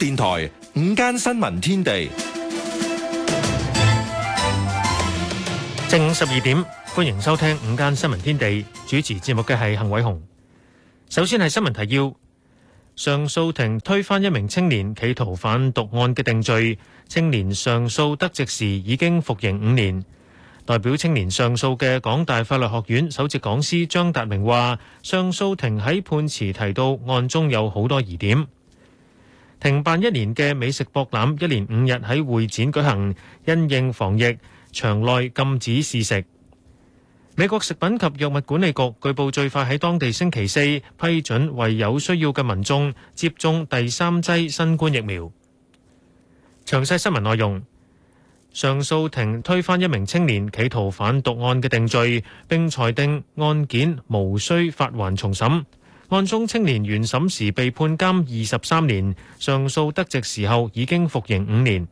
電台午間新聞天地正午十二點，歡迎收聽午間新聞天地，主持節目嘅係幸偉雄。首先係新聞提要:上訴庭推翻一名青年企圖犯毒案嘅定罪，青年上訴得直時已經服刑五年。代表青年上訴嘅港大法律學院首席講師張達明話:上訴庭喺判詞提到案中有好多疑點。停辦一年嘅美食博覽，一連五日喺會展舉行，因應防疫，場內禁止試食。美國食品及藥物管理局據報最快喺當地星期四批准為有需要嘅民眾接種第三劑新冠疫苗。詳細新聞內容：上訴庭推翻一名青年企圖販毒案嘅定罪，並裁定案件無需發還重審。案中青年原審時被判監二十三年，上訴得直時候已經服刑五年。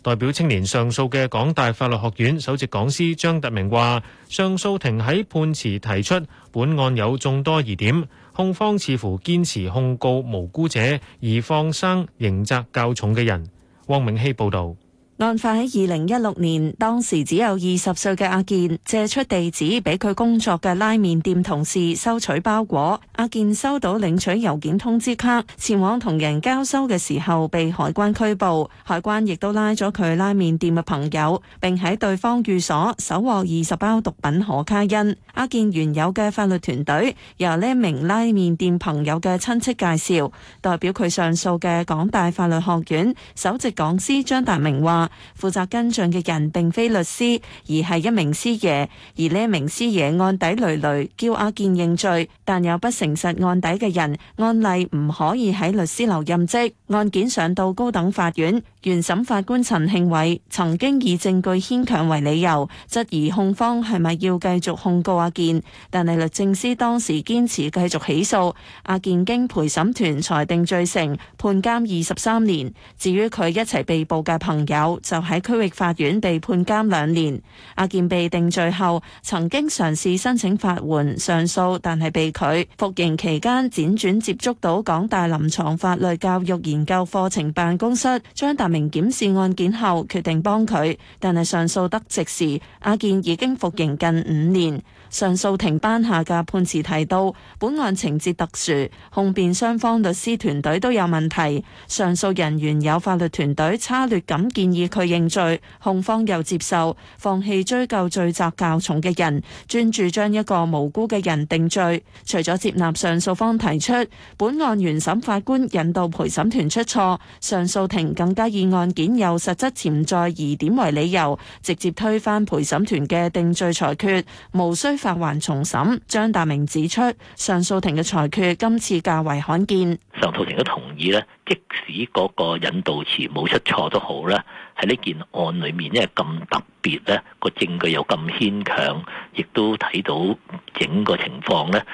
代表青年上訴嘅港大法律學院首席講師張達明話，上訴庭喺判詞提出本案有眾多疑點，控方似乎堅持控告無辜者，而放生刑責較重嘅人。汪永熙報道。案發喺二零一六年，當時只有二十歲嘅阿健借出地址俾佢工作嘅拉麵店同事收取包裹。阿健收到領取郵件通知卡，前往同人交收嘅時候被海關拘捕。海關亦都拉咗佢拉麵店嘅朋友，並喺對方寓所搜獲二十包毒品可卡因。阿健原有嘅法律團隊由呢一名拉麵店朋友嘅親戚介紹，代表佢上訴嘅港大法律學院首席講師張達明話。負責跟進嘅人並非律師，而係一名師爺。而呢名師爺案底累累，叫阿健認罪，但有不誠實案底嘅人，案例唔可以喺律師樓任職。案件上到高等法院。原審法官陳慶偉曾經以證據牽強為理由，質疑控方係咪要繼續控告阿健，但係律政司當時堅持繼續起訴。阿健經陪審團裁定罪成，判監二十三年。至於佢一齊被捕嘅朋友，就喺區域法院被判監兩年。阿健被定罪後，曾經嘗試申請法援上訴，但係被拒。服刑期間，輾轉接觸到港大臨床法律教育研究課程辦公室，將明檢視案件後，決定幫佢，但係上訴得直時，阿健已經服刑近五年。上訴庭頒下嘅判詞提到，本案情節特殊，控辯雙方律師團隊都有問題。上訴人原有法律團隊差劣，噉建議佢認罪，控方又接受，放棄追究罪責較重嘅人，專注將一個無辜嘅人定罪。除咗接納上訴方提出，本案原審法官引導陪審團出錯，上訴庭更加以案件有實質潛在疑點為理由，直接推翻陪審團嘅定罪裁決，無需法還重審，張達明指出，上訴庭嘅裁決今次較為罕見。上訴庭都同意咧，即使嗰個引導詞冇出錯都好咧，喺呢件案裏面，因為咁特別咧，個證據又咁牽強，亦都睇到整個情況咧，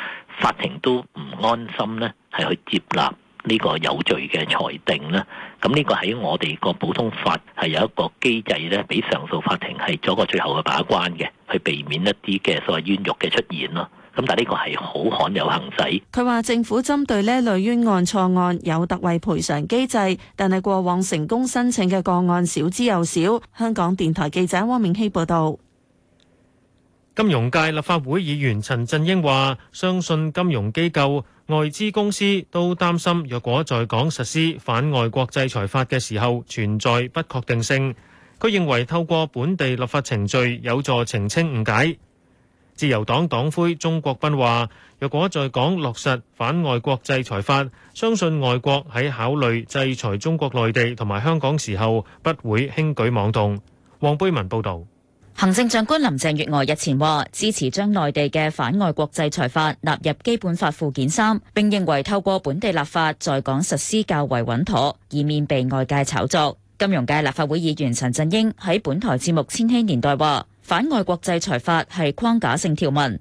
法庭都唔安心咧，係去接納呢個有罪嘅裁定咧，咁、這、呢個喺我哋個普通法係有一個機制咧，俾上訴法庭係做個最後嘅把關嘅，去避免一啲嘅所謂冤獄嘅出現咯。咁但係呢個係好罕有行使。佢話政府針對呢類冤案錯案有特惠賠償機制，但係過往成功申請嘅個案少之又少。香港電台記者汪明熙報道。金融界立法會議員陳振英話：相信金融機構、外資公司都擔心，若果在港實施反外國制裁法嘅時候存在不確定性。佢認為透過本地立法程序有助澄清誤解。自由黨黨魁鍾國斌話：若果在港落實反外國制裁法，相信外國喺考慮制裁中國內地同埋香港時候不會輕舉妄動。黃貝文報導。行政長官林鄭月娥日前話支持將內地嘅反外國制裁法納入基本法附件三，並認為透過本地立法在港實施較為穩妥，以免被外界炒作。金融界立法會議員陳振英喺本台節目《千禧年代》話，反外國制裁法係框架性條文。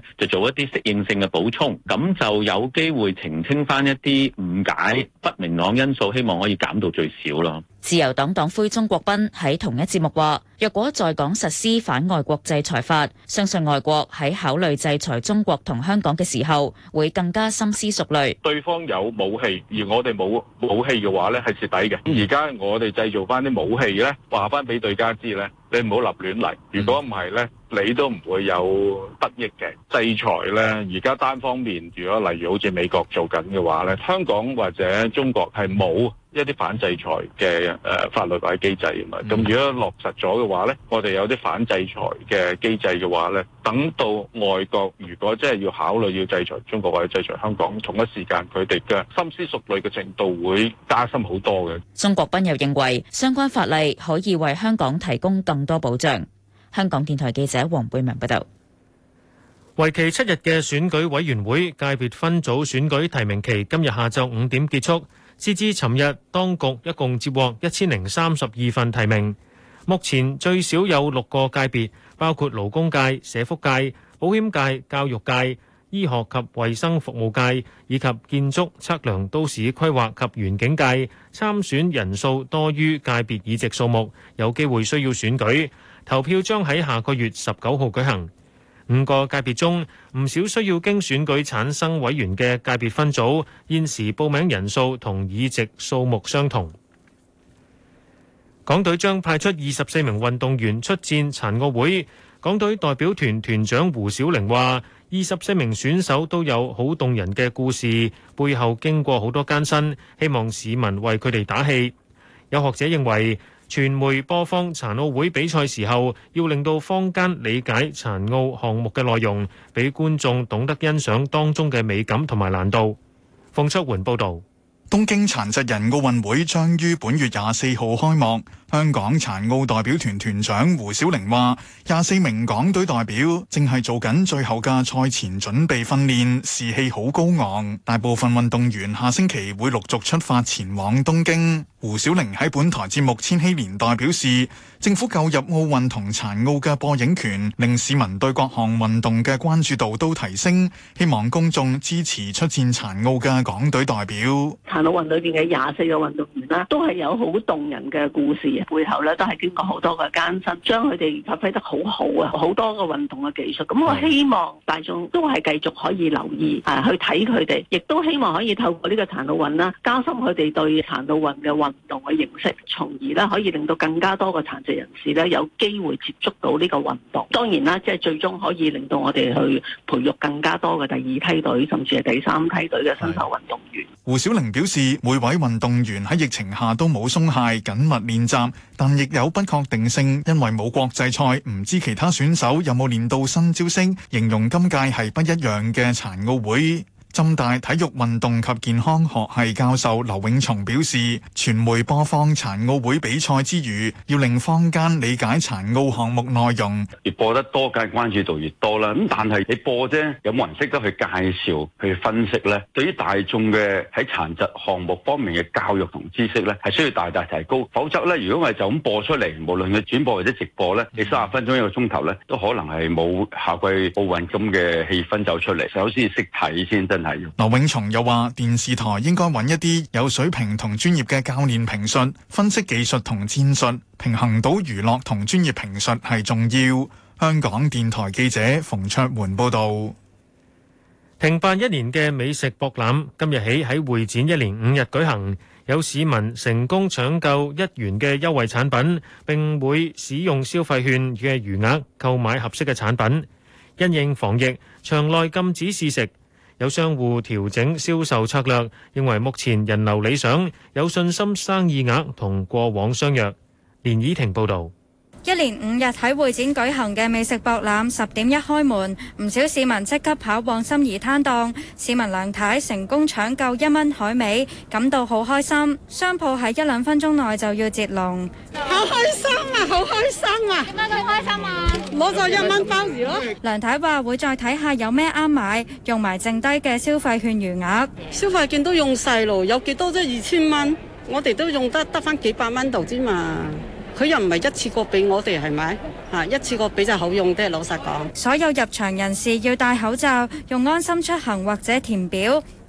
就做一啲適應性嘅補充，咁就有機會澄清返一啲誤解、不明朗因素，希望可以減到最少囉。自由黨黨魁鍾國斌喺同一節目話，若果在港實施反外國制裁法，相信外國喺考慮制裁中國同香港嘅時候，會更加深思熟慮。對方有武器，而我哋冇武器嘅話咧，係蝕底嘅。而家我哋製造翻啲武器咧，話翻俾對家知咧，你唔好立亂嚟。如果唔係咧，你都唔會有得益嘅制裁咧。而家單方面，如果例如好似美國做緊嘅話咧，香港或者中國係冇一啲反制裁嘅誒法律或者機制啊嘛，咁如果落實咗嘅話咧，我哋有啲反制裁嘅機制嘅話咧，等到外國如果真係要考慮要制裁中國或者制裁香港，同一時間佢哋嘅深思熟慮嘅程度會加深好多嘅。鍾國斌又認為相關法例可以為香港提供更多保障。香港電台記者黃貝文報道，為期七日嘅選舉委員會界別分組選舉提名期今日下晝五點結束。截至尋日，當局一共接獲一千零三十二份提名。目前最少有六個界別，包括勞工界、社福界、保險界、教育界、醫學及衛生服務界，以及建築、測量、都市規劃及園景界。參選人數多於界別議席數目，有機會需要選舉。投票將喺下個月十九號舉行。五個界別中，唔少需要經選舉產生委員嘅界別分組，現時報名人數同議席數目相同。港隊將派出二十四名運動員出戰殘奧會。港隊代表團團長胡小玲話，二十四名選手都有好動人嘅故事，背後經過好多艱辛，希望市民為佢哋打氣。有學者認為，傳媒播放殘奧會比賽時候，要令到坊間理解殘奧項目嘅內容，俾觀眾懂得欣賞當中嘅美感同埋難度。馮卓桓報導，東京殘疾人奧運會將於本月廿四號開幕。香港殘奧代表團團長胡小玲話：廿四名港隊代表正係做緊最後嘅賽前準備訓練，士氣好高昂。大部分運動員下星期會陸續出發前往東京。胡小玲喺本台節目《千禧年代》表示，政府購入奧運同殘奧嘅播映權，令市民對各項運動嘅關注度都提升。希望公眾支持出戰殘奧嘅港隊代表。殘奧運裏邊嘅廿四個運動員啦，都係有好動人嘅故事。背後咧都係經過好多個艱辛，將佢哋發揮得好好啊！好多個運動嘅技術，咁我希望大眾都係繼續可以留意啊，去睇佢哋，亦都希望可以透過呢個殘奧運啦，加深佢哋對殘奧運嘅運動嘅認識，從而咧可以令到更加多嘅殘疾人士咧有機會接觸到呢個運動。當然啦，即係最終可以令到我哋去培育更加多嘅第二梯隊，甚至係第三梯隊嘅新手運動員。的胡小玲表示，每位運動員喺疫情下都冇鬆懈緊，緊密練習。但亦有不確定性，因為冇國際賽，唔知其他選手有冇練到新招式，形容今屆係不一樣嘅殘奧會。浸大體育運動及健康學系教授劉永松表示，傳媒播放殘奧會比賽之餘，要令坊間理解殘奧項目內容。越播得多，梗係關注度越多啦。咁但係你播啫，有冇人識得去介紹、去分析呢？對於大眾嘅喺殘疾項目方面嘅教育同知識呢，係需要大大提高。否則呢，如果我就咁播出嚟，無論佢轉播或者直播呢，你三十分鐘一個鐘頭呢，都可能係冇夏季奧運咁嘅氣氛走出嚟。首先識睇先得。劉永松又話：電視台應該揾一啲有水平同專業嘅教練評述，分析技術同戰術，平衡到娛樂同專業評述係重要。香港電台記者馮卓桓報道。停辦一年嘅美食博覽今日起喺會展一連五日舉行，有市民成功搶購一元嘅優惠產品，並會使用消費券嘅餘額購買合適嘅產品。因應防疫，場內禁止試食。有商戶調整銷售策略，認為目前人流理想，有信心生意額同過往相若。連綺婷報道，一連五日喺會展舉行嘅美食博覽，十點一開門，唔少市民即刻跑往心儀攤檔。市民梁太太成功搶購一蚊海味，感到好開心。商鋪喺一兩分鐘內就要截龍。好開心啊！好開心啊！點解咁開心啊？攞個一蚊包住咯。梁太話會再睇下有咩啱買，用埋剩低嘅消費券餘額。消費券都用晒咯，有幾多啫？二千蚊，我哋都用得得翻幾百蚊度之嘛。佢又唔係一次過俾我哋，係咪？啊，一次過俾就好用啲，老實講。所有入場人士要戴口罩，用安心出行或者填表。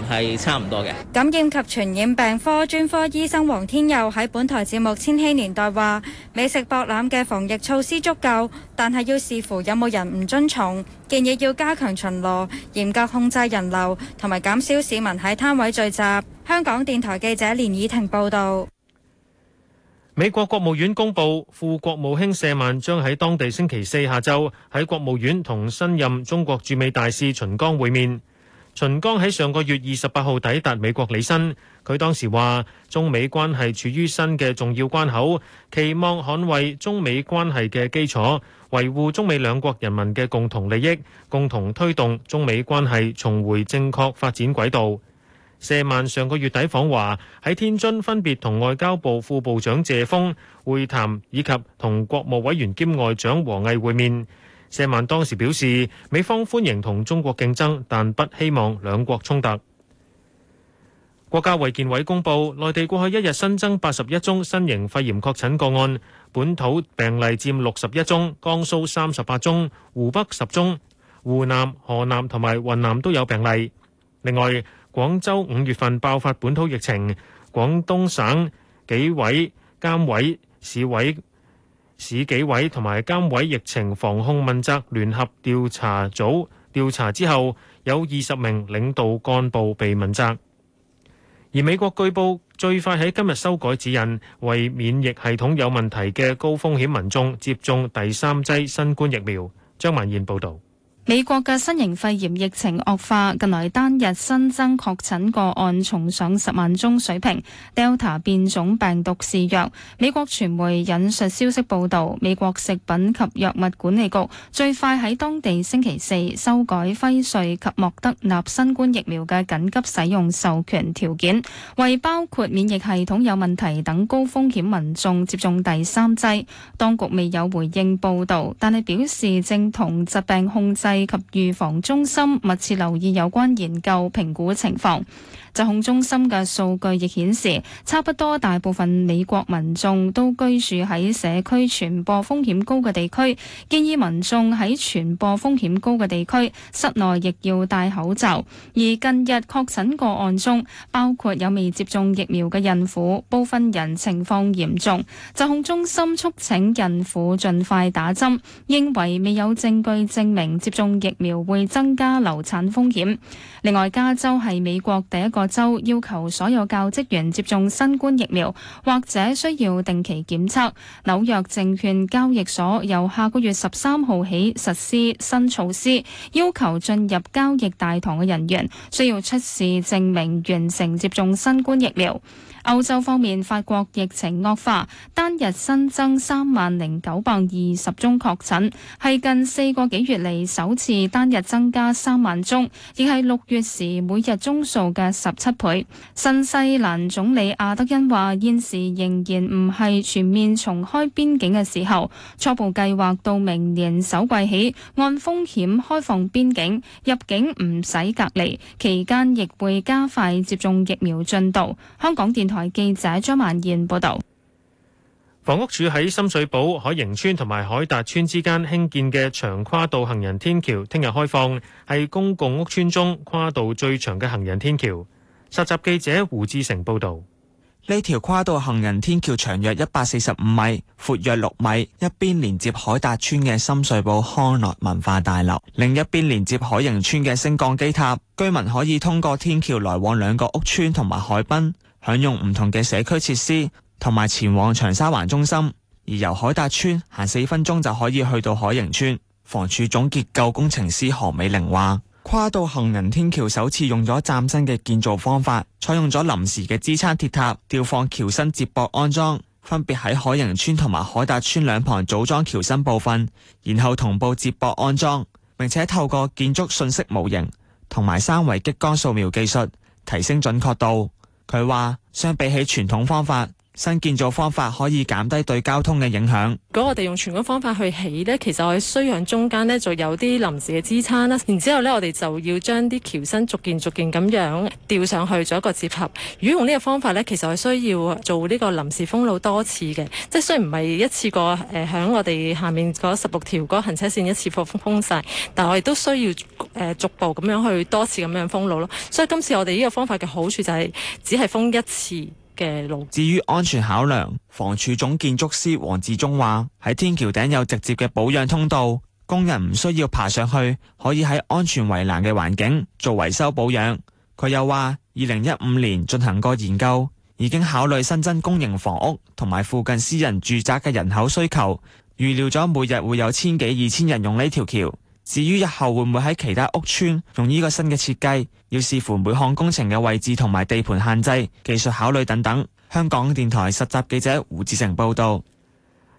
係差唔多嘅。感染及傳染病科專科醫生黃天佑喺本台節目《千禧年代》話：美食博覽嘅防疫措施足夠，但係要視乎有冇人唔遵從。建議要加強巡邏，嚴格控制人流，同埋減少市民喺攤位聚集。香港電台記者連以婷報道。美國國務院公佈，副國務卿舍曼將喺當地星期四下晝喺國務院同新任中國駐美大使秦剛會面。秦剛喺上個月二十八號抵達美國履新，佢當時話：中美關係處於新嘅重要關口，期望捍衛中美關係嘅基礎，維護中美兩國人民嘅共同利益，共同推動中美關係重回正確發展軌道。謝曼上個月底訪華，喺天津分別同外交部副部長謝鋒會談，以及同國務委員兼外長王毅會面。謝曼當時表示，美方歡迎同中國競爭，但不希望兩國衝突。國家衛健委公佈，內地過去一日新增八十一宗新型肺炎確診個案，本土病例佔六十一宗，江蘇三十八宗，湖北十宗，湖南、河南同埋雲南都有病例。另外，廣州五月份爆發本土疫情，廣東省紀委監委、市委，市紀委同埋監委疫情防控問責聯合調查組調查之後，有二十名領導幹部被問責。而美國據報最快喺今日修改指引，為免疫系統有問題嘅高風險民眾接種第三劑新冠疫苗。張文燕報道。美國嘅新型肺炎疫情惡化，近來單日新增確診個案重上十萬宗水平。Delta 變種病毒肆虐。美國傳媒引述消息報道，美國食品及藥物管理局最快喺當地星期四修改輝瑞及莫德納新冠疫苗嘅緊急使用授權條件，為包括免疫系統有問題等高風險民眾接種第三劑，當局未有回應報道，但係表示正同疾病控制。及預防中心密切留意有關研究評估情況。疾控中心嘅數據亦顯示，差不多大部分美國民眾都居住喺社區傳播風險高嘅地區，建議民眾喺傳播風險高嘅地區室內亦要戴口罩。而近日確診個案中，包括有未接種疫苗嘅孕婦，部分人情況嚴重。疾控中心促請孕婦盡快打針，認為未有證據證明接種疫苗會增加流產風險。另外，加州係美國第一個。州要求所有教職員接種新冠疫苗，或者需要定期檢測。紐約證券交易所由下個月十三號起實施新措施，要求進入交易大堂嘅人員需要出示證明完成接種新冠疫苗。歐洲方面，法國疫情惡化，單日新增三萬零九百二十宗確診，係近四個幾月嚟，首次單日增加三萬宗，亦係六月時每日宗數嘅十七倍。新西蘭總理阿德恩話：現時仍然唔係全面重開邊境嘅時候，初步計劃到明年首季起按風險開放邊境，入境唔使隔離，期間亦會加快接種疫苗進度。香港電台。台記者張曼燕報道，房屋署喺深水埗海盈村同埋海達村之間興建嘅長跨度行人天橋，聽日開放，係公共屋村中跨度最長嘅行人天橋。實習記者胡志成報道，呢條跨度行人天橋長約一百四十五米，闊約六米，一邊連接海達村嘅深水埗康樂文化大樓，另一邊連接海盈村嘅升降機塔，居民可以通過天橋來往兩個屋村同埋海濱享用唔同嘅社區設施，同埋前往長沙灣中心。而由海達村行四分鐘就可以去到海盈村。房署總結構工程師何美玲話，跨道行人天橋首次用咗嶄新嘅建造方法，採用咗臨時嘅支撐鐵塔吊放橋身接駁安裝，分別喺海盈村同埋海達村兩旁組裝橋身部分，然後同步接駁安裝，並且透過建築信息模型同埋三維激光掃描技術提升準確度。佢話相比起傳統方法，新建造方法可以減低對交通嘅影響。如果我哋用傳統方法去起呢，其實我哋需要向中間呢就有啲臨時嘅支撐啦。然之後咧，我哋就要將啲橋身逐件逐件咁樣吊上去，做一個接合。如果用呢個方法呢，其實我需要做呢個臨時封路多次嘅，即係雖然唔係一次過誒響我哋下面嗰十六條嗰行車線一次封封晒，但係我亦都需要誒逐步咁樣去多次咁樣封路咯。所以今次我哋呢個方法嘅好處就係只係封一次。嘅。至於安全考量，房署總建築師黃志忠話：喺天橋頂有直接嘅保養通道，工人唔需要爬上去，可以喺安全圍欄嘅環境做維修保養。佢又話：二零一五年進行過研究，已經考慮新增公營房屋同埋附近私人住宅嘅人口需求，預料咗每日會有千幾二千人用呢條橋。至於日後會唔會喺其他屋邨用呢個新嘅設計，要視乎每項工程嘅位置同埋地盤限制、技術考慮等等。香港電台實習記者胡志成報導。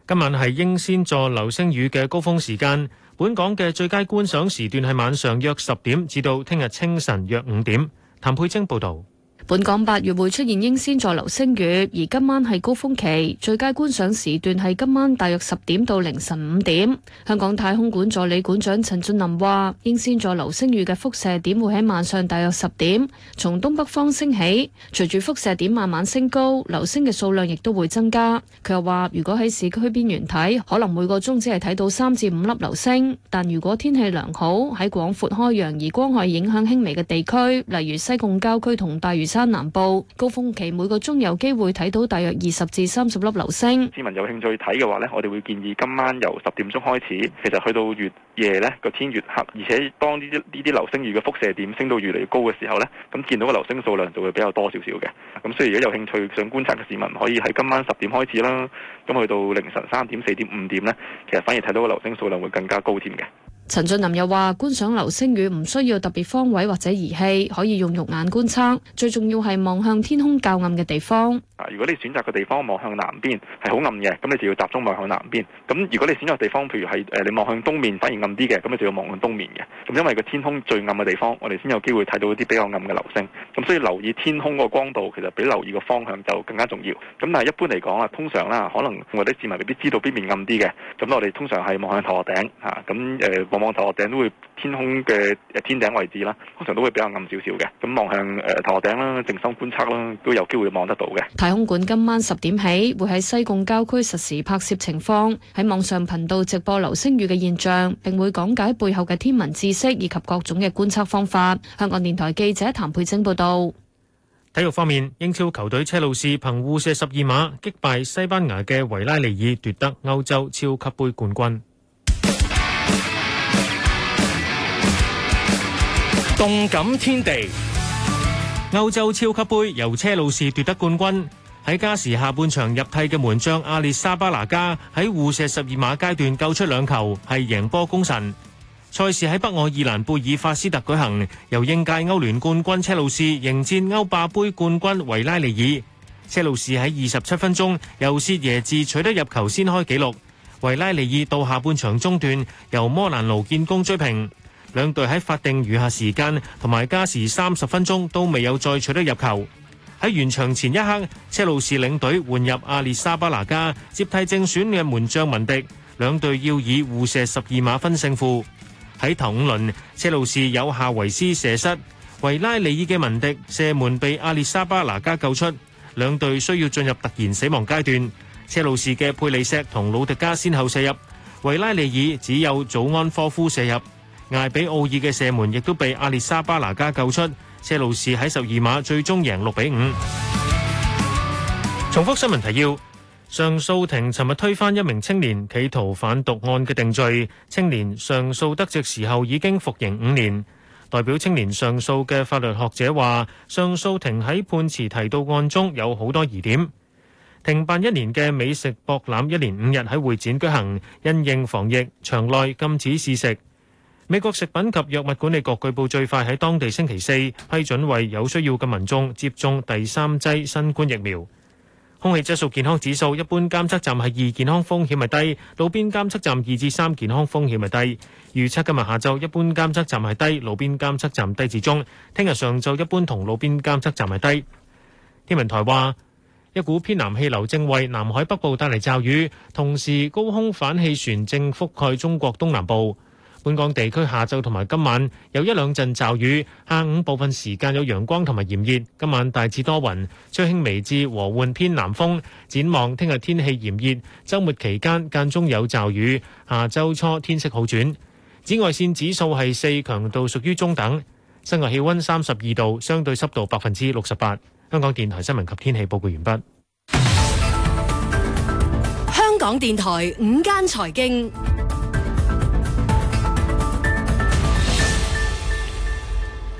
今晚係英仙座流星雨嘅高峰時間，本港嘅最佳觀賞時段係晚上約十點至到聽日清晨約五點。譚佩晶報導。本港八月會出現英仙座流星雨，而今晚係高峰期，最佳觀賞時段係今晚大約十點到凌晨五點。香港太空館助理館長陳俊林話：英仙座流星雨嘅輻射點會喺晚上大約十點，從東北方升起，隨住輻射點慢慢升高，流星嘅數量亦都會增加。佢又話：如果喺市區邊緣睇，可能每個鐘只係睇到三至五粒流星；但如果天氣良好，喺廣闊開揚而光害影響輕微嘅地區，例如西貢郊區同大嶼山南部高峰期每個鐘有機會睇到大約二十至三十粒流星。市民有興趣睇嘅話咧，我哋會建議今晚由十點鐘開始，其實去到越夜咧個天越黑，而且當呢啲呢啲流星雨嘅輻射點升到越嚟越高嘅時候咧，咁見到嘅流星數量就會比較多少少嘅。咁所以如果有興趣想觀察嘅市民，可以喺今晚十點開始啦，咁去到凌晨三點、四點、五點呢，其實反而睇到嘅流星數量會更加高添嘅。陳俊林又話：觀賞流星雨唔需要特別方位或者儀器，可以用肉眼觀測。最重要係望向天空較暗嘅地方。如果你選擇嘅地方望向南邊係好暗嘅，咁你就要集中望向南邊。咁如果你選擇地方，譬如係誒、呃、你望向東面反而暗啲嘅，咁你就要望向東面嘅。咁因為個天空最暗嘅地方，我哋先有機會睇到一啲比較暗嘅流星。咁所以留意天空嗰個光度，其實比留意個方向就更加重要。咁但係一般嚟講啊，通常啦，可能我哋市民未必知道邊邊暗啲嘅。咁我哋通常係望向頭頂吓，咁、啊、誒。啊啊啊望望頭殼頂都會天空嘅天頂位置啦，通常都會比較暗少少嘅。咁望向誒頭殼頂啦，靜心觀測啦，都有機會望得到嘅。太空館今晚十點起會喺西貢郊區實時拍攝情況，喺網上頻道直播流星雨嘅現象，並會講解背後嘅天文知識以及各種嘅觀測方法。香港電台記者譚佩晶報道。體育方面，英超球隊車路士憑互射十二碼擊敗西班牙嘅維拉利爾，奪得歐洲超級杯冠軍。動感天地，歐洲超級杯由車路士奪得冠軍。喺加時下半場入替嘅門將阿列沙巴拿加喺互射十二碼階段救出兩球，係贏波功臣。賽事喺北愛爾蘭貝爾法斯特舉行，由應屆歐聯冠軍車路士迎戰歐霸盃冠軍維拉利爾。車路士喺二十七分鐘由薛耶治取得入球紀錄，先開紀錄。維拉利爾到下半場中段由摩蘭奴建功追平。兩隊喺法定餘下時間同埋加時三十分鐘都未有再取得入球。喺完場前一刻，車路士領隊換入阿列沙巴拿加接替正選嘅門將文迪，兩隊要以互射十二碼分勝負。喺頭五輪，車路士有夏維斯射失，維拉利爾嘅文迪射門被阿列沙巴拿加救出，兩隊需要進入突然死亡階段。車路士嘅佩里錫同魯迪加先後射入，維拉利爾只有祖安科夫射入。艾比奧爾嘅射門亦都被阿列沙巴拿加救出，車路士喺十二碼最終贏六比五。重複新聞提要：上訴庭尋日推翻一名青年企圖販毒案嘅定罪，青年上訴得直時候已經服刑五年。代表青年上訴嘅法律學者話，上訴庭喺判詞提到案中有好多疑點。停辦一年嘅美食博覽，一連五日喺會展舉行，因應防疫，場內禁止試食。美國食品及藥物管理局據報最快喺當地星期四批准為有需要嘅民眾接種第三劑新冠疫苗。空氣質素健康指數，一般監測站係二，健康風險係低；路邊監測站二至三，健康風險係低。預測今日下晝一般監測站係低，路邊監測站低至中。聽日上晝一般同路邊監測站係低。天文台話，一股偏南氣流正為南海北部帶嚟驟雨，同時高空反氣旋正覆蓋中國東南部。本港地區下晝同埋今晚有一兩陣驟雨，下午部分時間有陽光同埋炎熱，今晚大致多雲，吹輕微至和緩偏南風。展望聽日天，天氣炎熱，周末期間，間間中有驟雨，下周初天色好轉。紫外線指數係四，強度屬於中等。室外氣溫三十二度，相對濕度百分之六十八。香港電台新聞及天氣報告完畢。香港電台午間財經。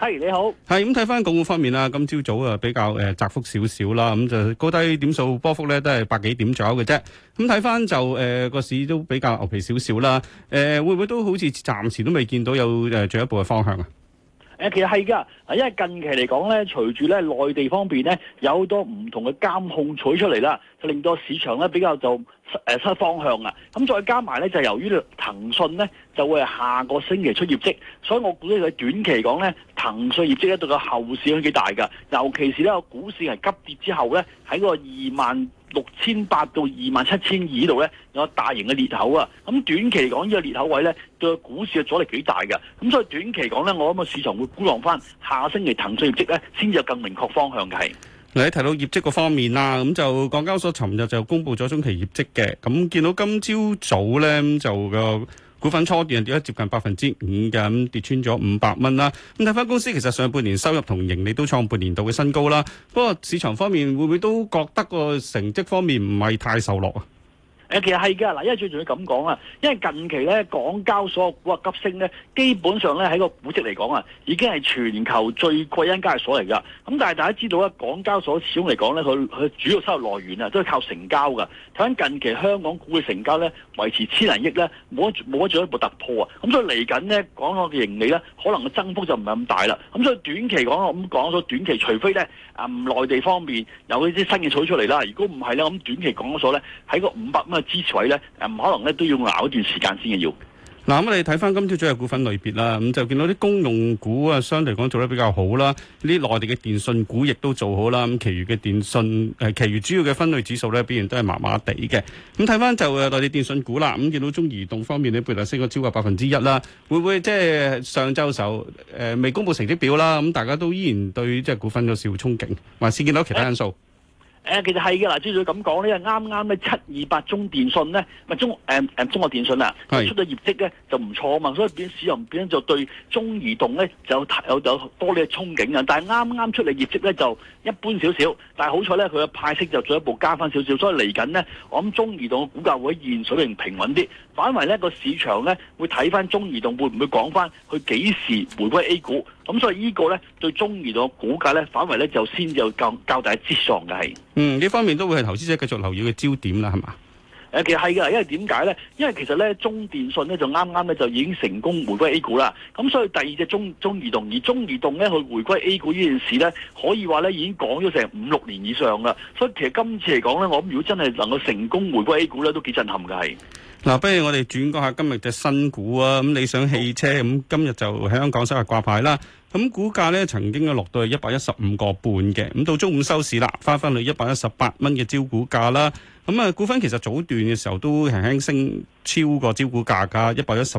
係、Hey, 你好，係咁睇翻港股方面啦，今朝早啊比較誒、呃、窄幅少少啦，咁、嗯、就高低點數波幅咧都係百幾點左右嘅啫。咁睇翻就誒個、呃、市都比較牛皮少少啦，誒、呃、會唔會都好似暫時都未見到有誒進、呃、一步嘅方向啊？誒、呃、其實係噶，因為近期嚟講咧，隨住咧內地方面咧有好多唔同嘅監控取出嚟啦，就令到市場咧比較就誒失、呃、方向啊。咁、嗯、再加埋咧就由於騰訊咧就會係下個星期出業績，所以我估計佢短期講咧。騰訊業績咧對個後市影響幾大㗎，尤其是呢個股市係急跌之後咧，喺個二萬六千八到二萬七千二度咧有個大型嘅裂口啊！咁、嗯、短期嚟講，呢、這個裂口位咧對個股市嘅阻力幾大㗎。咁、嗯、所以短期講咧，我諗個市場會估浪翻，下星期騰訊業績咧先至有更明確方向嘅係。你提到業績個方面啦，咁就港交所尋日就公布咗中期業績嘅，咁見到今朝早咧就個，股份初段跌咗接近百分之五嘅，咁跌穿咗五百蚊啦。咁睇翻公司，其實上半年收入同盈利都創半年度嘅新高啦。不過市場方面會唔會都覺得個成績方面唔係太受落啊？誒，其實係嘅，嗱，因為最重要咁講啊，因為近期咧，港交所個股啊急升咧，基本上咧喺個估值嚟講啊，已經係全球最貴嘅交易所嚟㗎。咁但係大家知道咧，港交所始終嚟講咧，佢佢主要收入來源啊，都係靠成交㗎。睇緊近期香港股嘅成交咧，維持千零億咧，冇一冇一進一步突破啊。咁所以嚟緊咧，港交嘅盈利咧，可能嘅增幅就唔係咁大啦。咁所以短期講，咁講咗短期，除非咧啊內地方面有啲新嘅彩出嚟啦，如果唔係咧，咁短期港交所咧喺個五百蚊。支持位咧，誒唔可能咧都要咬一段時間先嘅要。嗱，咁我哋睇翻今朝早嘅股份類別啦，咁就見到啲公用股啊，相對講做得比較好啦。呢內地嘅電信股亦都做好啦。咁，其餘嘅電信誒，其餘主要嘅分類指數咧，表現都係麻麻地嘅。咁睇翻就誒內地電信股啦，咁見到中移動方面咧，譬如升咗超過百分之一啦。會唔會即係上週首誒、呃、未公佈成績表啦？咁大家都依然對即係股份有少少憧憬，還是見到其他因素？哎誒，其實係嘅啦，正如咁講咧，啱啱咧七二八中電訊咧，咪中誒誒中國、嗯、電訊啦，出咗業績咧就唔錯嘛，所以變成市又變咗對中移動咧就有有有多啲嘅憧憬啊，但係啱啱出嚟業績咧就一般少少，但係好彩咧佢嘅派息就進一步加翻少少，所以嚟緊咧我諗中移動嘅股價會現水平平穩啲，反為咧個市場咧會睇翻中移動會唔會講翻佢幾時回歸 A 股。咁所以呢個咧，對中移動嘅股價呢，反為呢就先就較較大之跌上嘅係。嗯，呢方面都會係投資者繼續留意嘅焦點啦，係嘛？誒，其實係嘅，因為點解呢？因為其實呢，中電信呢就啱啱呢就已經成功回歸 A 股啦。咁、嗯、所以第二隻中中移動，而中移動呢，佢回歸 A 股呢件事呢，可以話呢已經講咗成五六年以上啦。所以其實今次嚟講呢，我諗如果真係能夠成功回歸 A 股呢，都幾震撼嘅係。嗱、啊，不如我哋轉過下今日嘅新股啊！咁、嗯、理想汽車咁、嗯、今日就喺香港上市掛牌啦。咁、嗯、股價咧曾經啊落到去一百一十五個半嘅，咁、嗯、到中午收市啦，翻翻去一百一十八蚊嘅招股價啦。咁、嗯、啊，股份其實早段嘅時候都輕輕升超過招股價㗎一百一十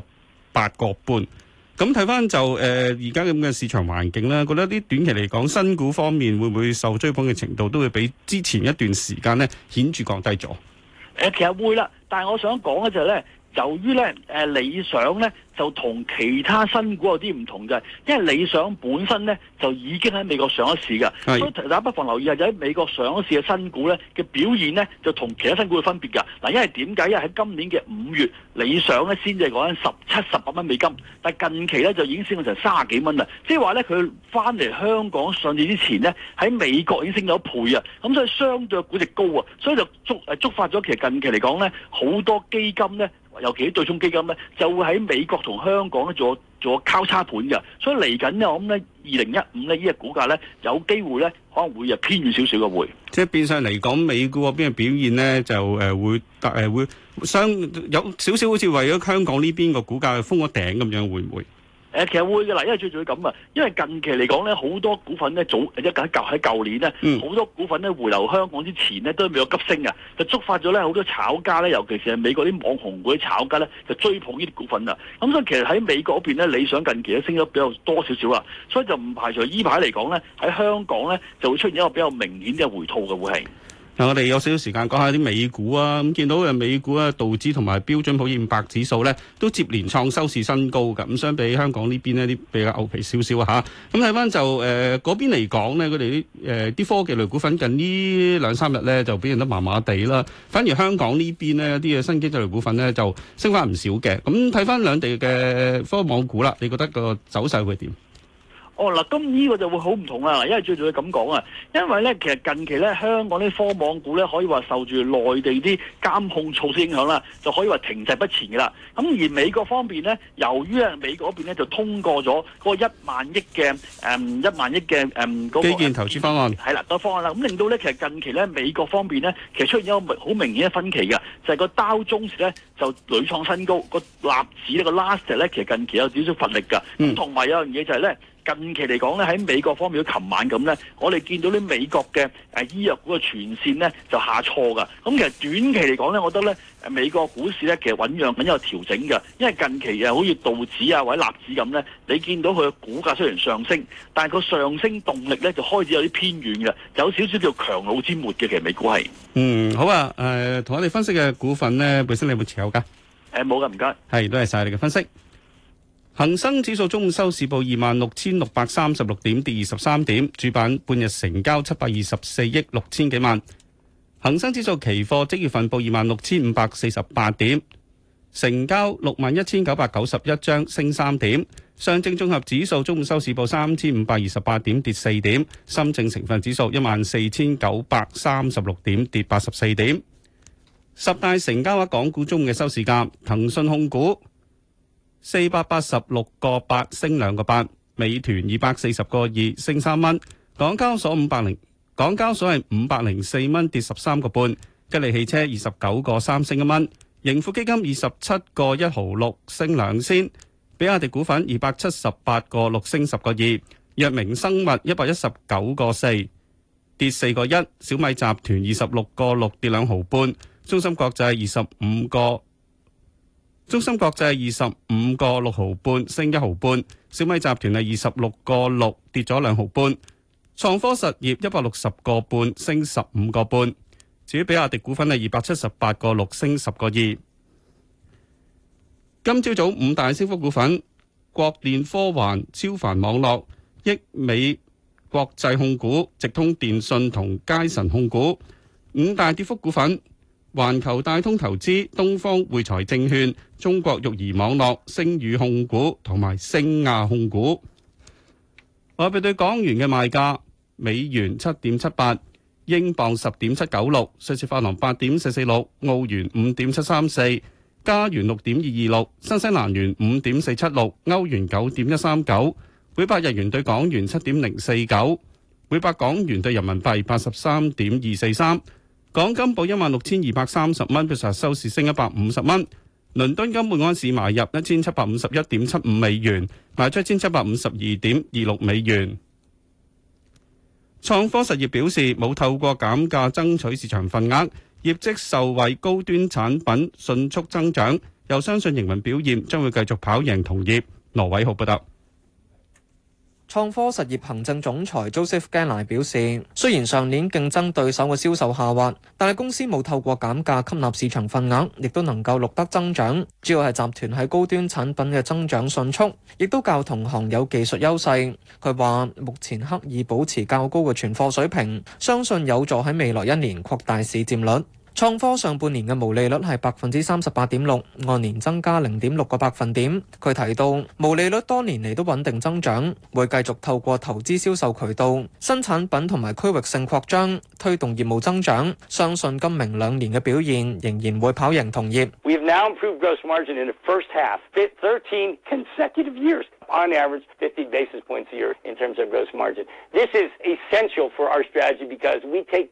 八個半。咁睇翻就誒，而家咁嘅市場環境啦，覺得啲短期嚟講，新股方面會唔會受追捧嘅程度都會比之前一段時間咧顯著降低咗。誒，其實會啦，但係我想講嘅就係咧。由於咧，誒、呃、理想咧就同其他新股有啲唔同就係，因為理想本身咧就已經喺美國上咗市嘅，是所以大家不妨留意下，有、就、啲、是、美國上咗市嘅新股咧嘅表現咧就同其他新股嘅分別㗎。嗱，因為點解？因為喺今年嘅五月，理想咧先至講緊十七十八蚊美金，但係近期咧就已經升到成三十幾蚊啦。即係話咧，佢翻嚟香港上市之前咧，喺美國已經升咗一倍啊，咁所以相對嘅估值高啊，所以就觸誒觸發咗其實近期嚟講咧，好多基金咧。尤其啲對沖基金咧，就會喺美國同香港咧做做交叉盤嘅，所以嚟緊呢，我諗咧二零一五呢，呢隻股價咧有機會咧可能會誒偏軟少少嘅會。即係變相嚟講，美股嗰邊嘅表現咧就誒會誒、呃、會相有少少好似為咗香港呢邊個股價封個頂咁樣，會唔會？誒，其實會嘅嗱，因為最主要咁啊，因為近期嚟講咧，好多股份咧早一間舊喺舊年咧，好、嗯、多股份咧回流香港之前咧都係未有急升啊，就觸發咗咧好多炒家咧，尤其是係美國啲網紅股啲炒家咧，就追捧呢啲股份啊，咁所以其實喺美國嗰邊咧，理想近期都升咗比較多少少啦，所以就唔排除依排嚟講咧，喺香港咧就會出現一個比較明顯嘅回吐嘅會係。嗱、嗯，我哋有少少時間講下啲美股啊，咁見到誒美股啊，道指同埋標準普爾五百指數咧，都接連創收市新高嘅，咁相比香港呢邊呢啲比較牛皮少少嚇。咁睇翻就誒嗰、呃、邊嚟講咧，佢哋啲誒啲科技類股份近呢兩三日咧，就表現得麻麻地啦。反而香港呢邊呢啲嘅新經濟類股份咧，就升翻唔少嘅。咁睇翻兩地嘅科網股啦，你覺得個走勢會點？哦，嗱，咁呢個就會好唔同啦。因為最重要咁講啊，因為咧，其實近期咧，香港啲科網股咧，可以話受住內地啲監控措施影響啦，就可以話停滯不前嘅啦。咁而美國方面咧，由於啊，美國嗰邊咧就通過咗嗰一萬億嘅誒一萬億嘅誒基建投資方案，係啦、嗯，那個方案啦，咁令到咧，其實近期咧，美國方面咧，其實出現一個好明顯嘅分歧嘅，就係、是、個道瓊斯咧就屢創新高，個納指呢個 last 咧其實近期有少少乏力噶，咁同埋有樣嘢就係咧。近期嚟講咧，喺美國方面，琴晚咁咧，我哋見到啲美國嘅誒醫藥股嘅全線咧就下挫噶。咁其實短期嚟講咧，我覺得咧，美國股市咧其實醞釀緊一個調整嘅，因為近期啊，好似道指啊或者納指咁咧，你見到佢嘅股價雖然上升，但係個上升動力咧就開始有啲偏軟嘅，有少少叫強弩之末嘅。其實美股係嗯好啊，誒同我哋分析嘅股份咧，本身你會持有噶？誒冇嘅，唔該。係，多謝晒你嘅分析。恒生指數中午收市報二萬六千六百三十六點，跌二十三點。主板半日成交七百二十四億六千幾萬。恒生指數期貨即月份報二萬六千五百四十八點，成交六萬一千九百九十一張，升三點。上證綜合指數中午收市報三千五百二十八點，跌四點。深證成分指數一萬四千九百三十六點，跌八十四點。十大成交額港股中午嘅收市價，騰訊控股，四百八十六個八升兩個八，美團二百四十個二升三蚊，港交所五百零港交所係五百零四蚊跌十三個半，吉利汽車二十九個三升一蚊，盈富基金二十七個一毫六升兩仙，比亞迪股份二百七十八個六升十個二，藥明生物一百一十九個四跌四個一，小米集團二十六個六跌兩毫半，中芯國際二十五個。中芯國際二十五個六毫半升一毫半，小米集團係二十六個六跌咗兩毫半，創科實業一百六十個半升十五個半，至於比亞迪股份係二百七十八個六升十個二。今朝早五大升幅股份：國電科環、超凡網絡、億美國際控股、直通電信同佳神控股。五大跌幅股份，環球大通投資、東方匯財證券、中國育兒網絡、星宇控股同埋星亞控股。我哋對港元嘅賣價：美元七點七八，英鎊十點七九六，瑞士法郎八點四四六，澳元五點七三四，加元六點二二六，新西蘭元五點四七六，歐元九點一三九，每百日元對港元七點零四九，每百港元對人民幣八十三點二四三。港金報一萬六千二百三十蚊，其實收市升一百五十蚊。倫敦金每安士買入一千七百五十一點七五美元，賣出一千七百五十二點二六美元。創科實業表示，冇透過減價爭取市場份額，業績受惠高端產品迅速增長，又相信營運表現將會繼續跑贏同業。羅偉浩報道。創科實業行政總裁 Joseph Galli 表示，雖然上年競爭對手嘅銷售下滑，但係公司冇透過減價吸納市場份額，亦都能夠錄得增長。主要係集團喺高端產品嘅增長迅速，亦都較同行有技術優勢。佢話目前刻意保持較高嘅存貨水平，相信有助喺未來一年擴大市佔率。創科上半年嘅毛利率係百分之三十八點六，按年增加零點六個百分點。佢提到毛利率多年嚟都穩定增長，會繼續透過投資銷售渠道、新產品同埋區域性擴張推動業務增長。相信今明兩年嘅表現仍然會跑贏同業。We have now improved gross margin in the first half, fit 13 consecutive years. On average, 50 basis points a year, in terms of gross margin. This is essential for our strategy because we take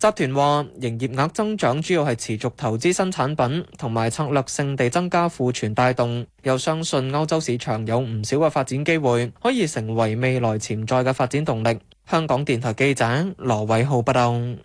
集團話營業額增長主要係持續投資新產品，同埋策略性地增加庫存帶動。又相信歐洲市場有唔少嘅發展機會，可以成為未來潛在嘅發展動力。香港電台記者羅偉浩報道。